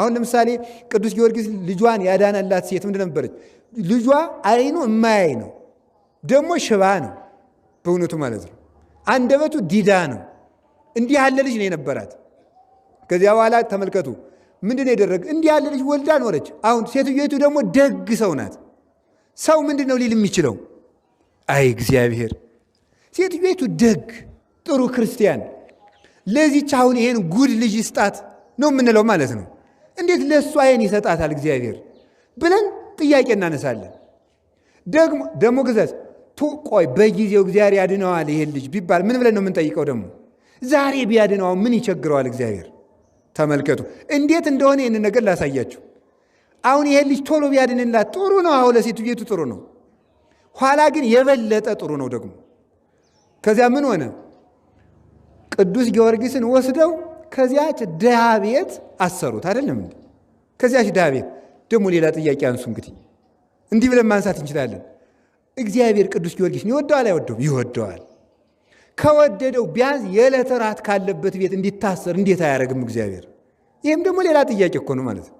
አሁን ለምሳሌ ቅዱስ ጊዮርጊስ ልጇን ያዳነላት ሴት ምንድ ነበረች? ልጇ አይኑ እማያይ ነው፣ ደግሞ ሽባ ነው በእውነቱ ማለት ነው። አንደበቱ ዲዳ ነው። እንዲህ ያለ ልጅ ነው የነበራት። ከዚያ በኋላ ተመልከቱ ምንድን የደረገ እንዲህ ያለ ልጅ ወልዳ ኖረች። አሁን ሴትዮቱ ደግሞ ደግ ሰው ናት። ሰው ምንድን ነው ሊል የሚችለው? አይ እግዚአብሔር። ሴትዮቱ ደግ ጥሩ ክርስቲያን ለዚች አሁን ይሄን ጉድ ልጅ ይስጣት ነው የምንለው ማለት ነው። እንዴት ለእሱ አይን ይሰጣታል እግዚአብሔር ብለን ጥያቄ እናነሳለን። ደግሞ ደግሞ ግዘት ቆይ በጊዜው እግዚአብሔር ያድነዋል ይሄን ልጅ ቢባል ምን ብለን ነው የምንጠይቀው? ደግሞ ዛሬ ቢያድነው ምን ይቸግረዋል እግዚአብሔር? ተመልከቱ እንዴት እንደሆነ ይህን ነገር ላሳያችሁ። አሁን ይሄን ልጅ ቶሎ ቢያድንላት ጥሩ ነው። አሁ ለሴቱ ቤቱ ጥሩ ነው። ኋላ ግን የበለጠ ጥሩ ነው ደግሞ ከዚያ ምን ሆነ? ቅዱስ ጊዮርጊስን ወስደው ከዚያች ድሃ ቤት አሰሩት። አይደለም እንዴ? ከዚያች ድሃ ቤት ደግሞ ሌላ ጥያቄ አንሱ። እንግዲህ እንዲህ ብለን ማንሳት እንችላለን። እግዚአብሔር ቅዱስ ጊዮርጊስን ይወደዋል አይወደውም? ይወደዋል። ከወደደው ቢያንስ የዕለት ራት ካለበት ቤት እንዲታሰር እንዴት አያደርግም እግዚአብሔር? ይህም ደግሞ ሌላ ጥያቄ እኮ ነው ማለት ነው።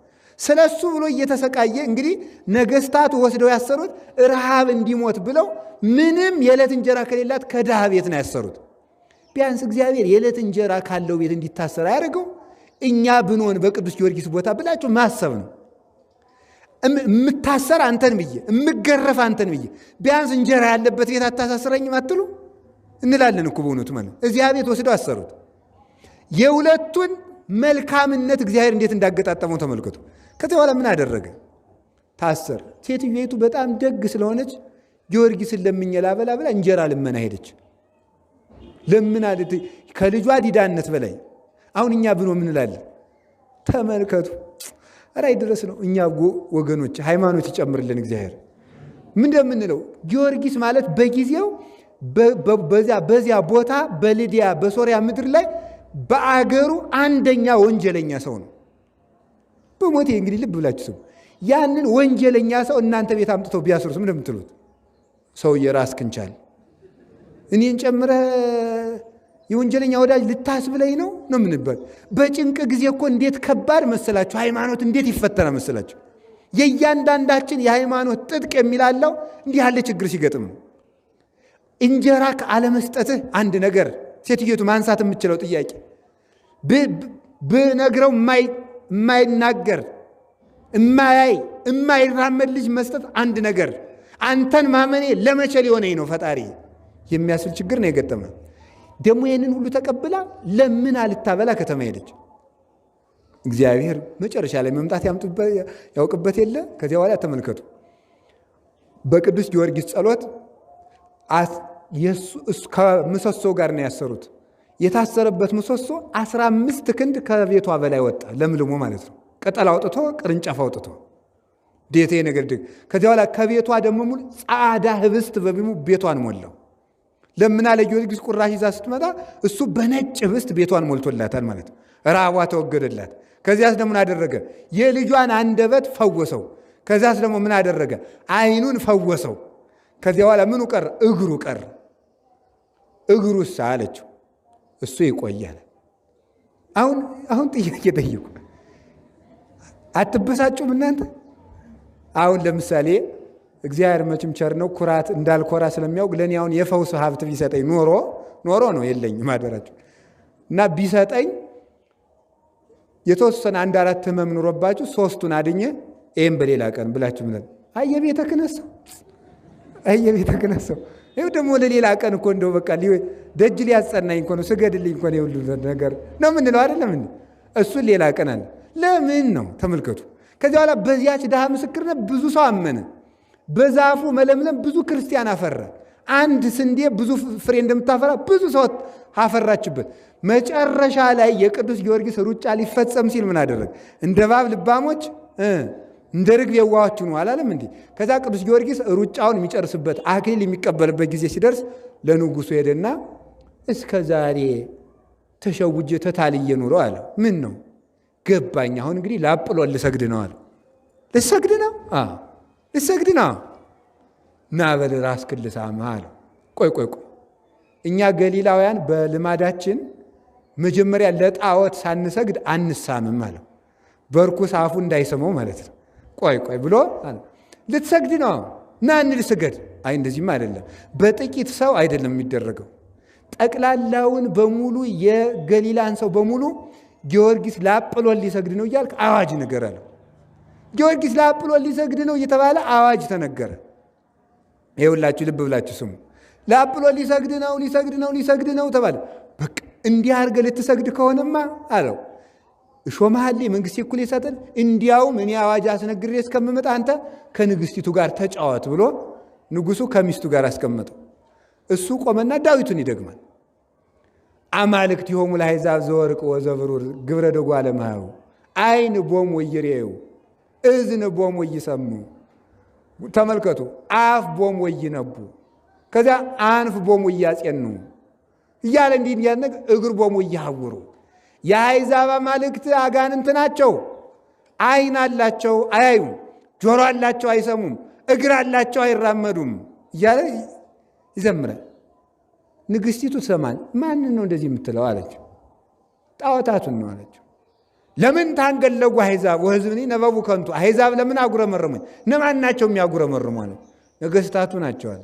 ስለ እሱ ብሎ እየተሰቃየ እንግዲህ ነገስታት ወስደው ያሰሩት ረሃብ እንዲሞት ብለው ምንም የዕለት እንጀራ ከሌላት ከድሃ ቤት ነው ያሰሩት። ቢያንስ እግዚአብሔር የዕለት እንጀራ ካለው ቤት እንዲታሰር አያደርገው? እኛ ብንሆን በቅዱስ ጊዮርጊስ ቦታ ብላችሁ ማሰብ ነው። የምታሰር አንተን ብዬ የምገረፍ አንተን ብዬ ቢያንስ እንጀራ ያለበት ቤት አታሳስረኝም አትሉ እንላለን እኮ በእውነቱ ማለት እዚያ ቤት ወስደው አሰሩት። የሁለቱን መልካምነት እግዚአብሔር እንዴት እንዳገጣጠመው ተመልከቱ። ከዚያ በኋላ ምን አደረገ? ታሰር። ሴትዮቱ በጣም ደግ ስለሆነች ጊዮርጊስን ለምኜ ላበላ ብላ እንጀራ ልመና ሄደች። ለምን አለ ከልጇ ዲዳነት በላይ አሁን እኛ ብኖ ምን እላለን? ተመልከቱ ራይ ድረስ ነው። እኛ ወገኖች ሃይማኖት ይጨምርልን እግዚአብሔር። ምን እንደምንለው ጊዮርጊስ ማለት በጊዜው በዚያ በዚያ ቦታ በልዲያ በሶሪያ ምድር ላይ በአገሩ አንደኛ ወንጀለኛ ሰው ነው። በሞቴ እንግዲህ ልብ ብላችሁ ስሙ። ያንን ወንጀለኛ ሰው እናንተ ቤት አምጥተው ቢያስሩት ምን እንደምትሉት? ሰውዬ ራስክን ክንቻል እኔን ጨምረህ የወንጀለኛ ወዳጅ ልታስብለኝ ነው ነው የምንባል። በጭንቅ ጊዜ እኮ እንዴት ከባድ መሰላችሁ! ሃይማኖት እንዴት ይፈተና መሰላችሁ! የእያንዳንዳችን የሃይማኖት ጥጥቅ የሚላለው እንዲህ ያለ ችግር ሲገጥም እንጀራ ከአለመስጠትህ አንድ ነገር ሴትዮቱ ማንሳት የምችለው ጥያቄ ብነግረው የማይናገር እማያይ የማይራመድ ልጅ መስጠት አንድ ነገር፣ አንተን ማመኔ ለመቼ ሊሆነኝ ነው ፈጣሪ የሚያስብል ችግር ነው የገጠመ ደግሞ ይህንን ሁሉ ተቀብላ ለምን አልታበላ ከተማ ሄደች። እግዚአብሔር መጨረሻ ላይ መምጣት ያውቅበት የለ። ከዚያ በኋላ ተመልከቱ፣ በቅዱስ ጊዮርጊስ ጸሎት ከምሰሶ ጋር ነው ያሰሩት። የታሰረበት ምሰሶ አስራ አምስት ክንድ ከቤቷ በላይ ወጣ፣ ለምልሞ ማለት ነው። ቅጠል አውጥቶ ቅርንጫፍ አውጥቶ ዴቴ ነገር ድግ ከዚያ በኋላ ከቤቷ ደግሞ ሙሉ ጻዳ ህብስት በቢሙ ቤቷን ሞላው። ለምና ለጊዮርጊስ ቁራሽ ይዛ ስትመጣ እሱ በነጭ ህብስት ቤቷን ሞልቶላታል ማለት ነው። ራቧ ተወገደላት። ከዚያስ ደግሞ ምን አደረገ? የልጇን አንደበት ፈወሰው። ከዚያስ ደግሞ ምን አደረገ? አይኑን ፈወሰው። ከዚያ በኋላ ምኑ ቀር? እግሩ ቀር። እግሩስ አለችው። እሱ ይቆያል። አሁን አሁን ጥያቄ ጠይቁ። አትበሳጩም እናንተ? አሁን ለምሳሌ እግዚአብሔር መቼም ቸር ነው። ኩራት እንዳልኮራ ስለሚያውቅ ለእኔ አሁን የፈውስ ሀብት ቢሰጠኝ ኖሮ ኖሮ ነው የለኝ አደራችሁ እና ቢሰጠኝ የተወሰነ አንድ አራት ህመም ኑሮባችሁ ሶስቱን አድኘ ይህም በሌላ ቀን ብላችሁ ምለን አየቤተ ክነሰው አየቤተ ክነሰው ይህ ደግሞ ለሌላ ቀን እኮ እንደው በቃ ደጅ ሊያስጸናኝ እኮ ነው ስገድልኝ እኮ ነው ሁሉ ነገር ነው የምንለው አይደለም። እሱን ሌላ ቀን አለ። ለምን ነው ተመልከቱ። ከዚህ በኋላ በዚያች ድሃ ምስክርነት ብዙ ሰው አመነ። በዛፉ መለምለም ብዙ ክርስቲያን አፈራ። አንድ ስንዴ ብዙ ፍሬ እንደምታፈራ ብዙ ሰው አፈራችበት። መጨረሻ ላይ የቅዱስ ጊዮርጊስ ሩጫ ሊፈጸም ሲል ምን አደረግ? እንደ እባብ ልባሞች እንደ ርግብ የዋዎች ሁኑ አላለም እንዲህ። ከዛ ቅዱስ ጊዮርጊስ ሩጫውን የሚጨርስበት አክሊል የሚቀበልበት ጊዜ ሲደርስ ለንጉሱ ሄደና እስከ ዛሬ ተሸውጄ ተታልዬ ኑሮ አለ። ምን ነው ገባኝ። አሁን እንግዲህ ላጵሎ ልሰግድ ነው አለ። ልሰግድ ነው እሰግድና እና በል ራስህን ልሳም አለው። ቆይ ቆይ ቆይ እኛ ገሊላውያን በልማዳችን መጀመሪያ ለጣዖት ሳንሰግድ አንሳምም አለው። በርኩስ አፉ እንዳይሰማው ማለት ነው። ቆይ ቆይ ብሎ ልትሰግድ ነው ና እንል ስገድ። አይ እንደዚህም አይደለም፣ በጥቂት ሰው አይደለም የሚደረገው። ጠቅላላውን በሙሉ የገሊላን ሰው በሙሉ ጊዮርጊስ ላጵሎን ሊሰግድ ነው እያልክ አዋጅ ነገር አለው። ጊዮርጊስ ለአጵሎን ሊሰግድ ነው እየተባለ አዋጅ ተነገረ። ይኸውላችሁ ልብ ብላችሁ ስሙ። ለአጵሎን ሊሰግድ ነው ሊሰግድ ነው ሊሰግድ ነው ተባለ። በቃ እንዲህ አድርገህ ልትሰግድ ከሆነማ አለው እሾመሃል መንግስት እኩል ይሰጥን፣ እንዲያውም እኔ አዋጅ አስነግሬ እስከምመጣ አንተ ከንግስቲቱ ጋር ተጫወት ብሎ ንጉሱ ከሚስቱ ጋር አስቀመጠው። እሱ ቆመና ዳዊቱን ይደግማል። አማልክት የሆሙ ለአሕዛብ ዘወርቅ ወዘብሩር ግብረ ደጓ ለመሃሩ አይን ቦም ወየሬው እዝን ቦም ይሰሙ ተመልከቱ። አፍ ቦም ወይነቡ ከዚያ አንፍ ቦም ወያጼኑ እያለ እንዲህ እንዲያነግ እግር ቦም ወይሐውሩ የአሕዛብ አማልክት አጋንንት ናቸው። ዓይን አላቸው አያዩም፣ ጆሮ አላቸው አይሰሙም፣ እግር አላቸው አይራመዱም እያለ ይዘምራል። ንግሥቲቱ ሰማን ማንን ነው እንደዚህ የምትለው አለችው። ጣዖታቱን ነው አለችው። ለምን ታንገለጉ አሕዛብ ወህዝብኒ ነበቡ ከንቱ አሕዛብ ለምን አጉረመረሙኝ? እነማን ናቸው የሚያጉረመርሙ? አለ ነገስታቱ ናቸው አለ።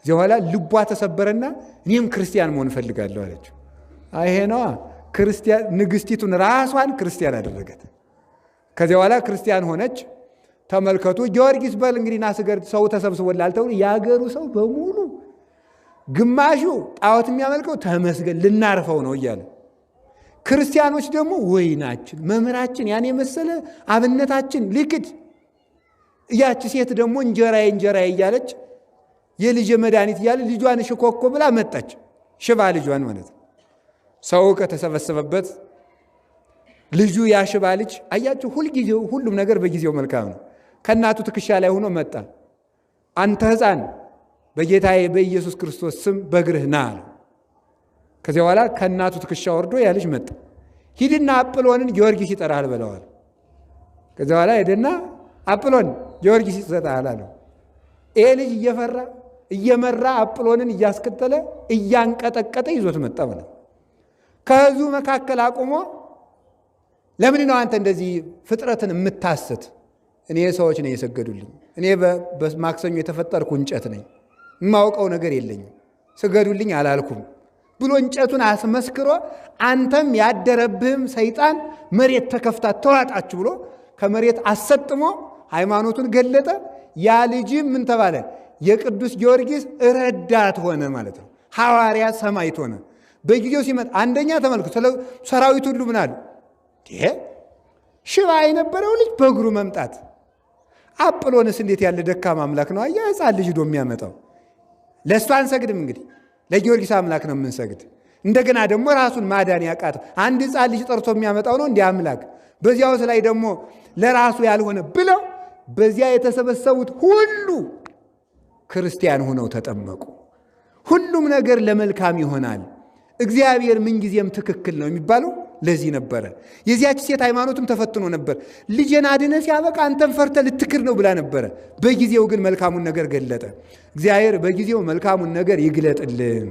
እዚህ በኋላ ልቧ ተሰበረና እኔም ክርስቲያን መሆን እፈልጋለሁ አለችው። ይሄ ነዋ ክርስቲያን ንግስቲቱን ራሷን ክርስቲያን አደረገት። ከዚያ በኋላ ክርስቲያን ሆነች። ተመልከቱ ጊዮርጊስ በል እንግዲህ ናስገር ሰው ተሰብስቦላል ተብሎ የአገሩ ሰው በሙሉ ግማሹ ጣዖት የሚያመልከው ተመስገን ልናርፈው ነው እያለ ክርስቲያኖች ደግሞ ወይናችን መምህራችን ያን የመሰለ አብነታችን ሊክድ እያች ሴት ደግሞ እንጀራዬ እንጀራዬ እያለች የልጅ መድኃኒት እያለ ልጇን ሽኮኮ ብላ መጣች። ሽባ ልጇን ማለት ነው። ሰው ከተሰበሰበበት ልጁ ያ ሽባ ልጅ አያችሁ፣ ሁልጊዜው ሁሉም ነገር በጊዜው መልካም ነው። ከእናቱ ትከሻ ላይ ሆኖ መጣ። አንተ ሕፃን በጌታዬ በኢየሱስ ክርስቶስ ስም በእግርህ ና አለው። ከዚያ በኋላ ከእናቱ ትከሻ ወርዶ ያ ልጅ መጣ። ሂድና አጵሎንን ጊዮርጊስ ይጠራሃል ብለዋል። ከዚያ በኋላ ሄደና አጵሎን ጊዮርጊስ ይሰጣል አለው። ይሄ ልጅ እየፈራ እየመራ አጵሎንን እያስከተለ እያንቀጠቀጠ ይዞት መጣ ብለ ከህዝቡ መካከል አቁሞ ለምን ነው አንተ እንደዚህ ፍጥረትን የምታስት? እኔ ሰዎች ነው የሰገዱልኝ። እኔ በማክሰኞ የተፈጠርኩ እንጨት ነኝ። የማውቀው ነገር የለኝም። ስገዱልኝ አላልኩም። ብሎ እንጨቱን አስመስክሮ አንተም ያደረብህም ሰይጣን መሬት ተከፍታ ተዋጣችሁ ብሎ ከመሬት አሰጥሞ ሃይማኖቱን ገለጠ። ያ ልጅም ምን ተባለ? የቅዱስ ጊዮርጊስ ረዳት ሆነ ማለት ነው። ሐዋርያ ሰማዕት ሆነ። በጊዜው ሲመጣ አንደኛ ተመልክቶ ሰራዊት ሁሉ ምን አሉ? ሽባ የነበረው ልጅ በእግሩ መምጣት፣ አጵሎንስ እንዴት ያለ ደካማ አምላክ ነው! አያ ህፃን ልጅ ዶ የሚያመጣው ለእሱ አንሰግድም እንግዲህ ለጊዮርጊስ አምላክ ነው የምንሰግድ። እንደገና ደግሞ ራሱን ማዳን ያቃት አንድ ህፃን ልጅ ጠርቶ የሚያመጣው ነው እንዲህ አምላክ። በዚያውስ ላይ ደግሞ ለራሱ ያልሆነ ብለው በዚያ የተሰበሰቡት ሁሉ ክርስቲያን ሆነው ተጠመቁ። ሁሉም ነገር ለመልካም ይሆናል። እግዚአብሔር ምንጊዜም ትክክል ነው የሚባለው ለዚህ ነበረ። የዚያች ሴት ሃይማኖትም ተፈትኖ ነበር። ልጄን አድነ ሲያበቃ አንተን ፈርተ ልትክር ነው ብላ ነበረ። በጊዜው ግን መልካሙን ነገር ገለጠ። እግዚአብሔር በጊዜው መልካሙን ነገር ይግለጥልን።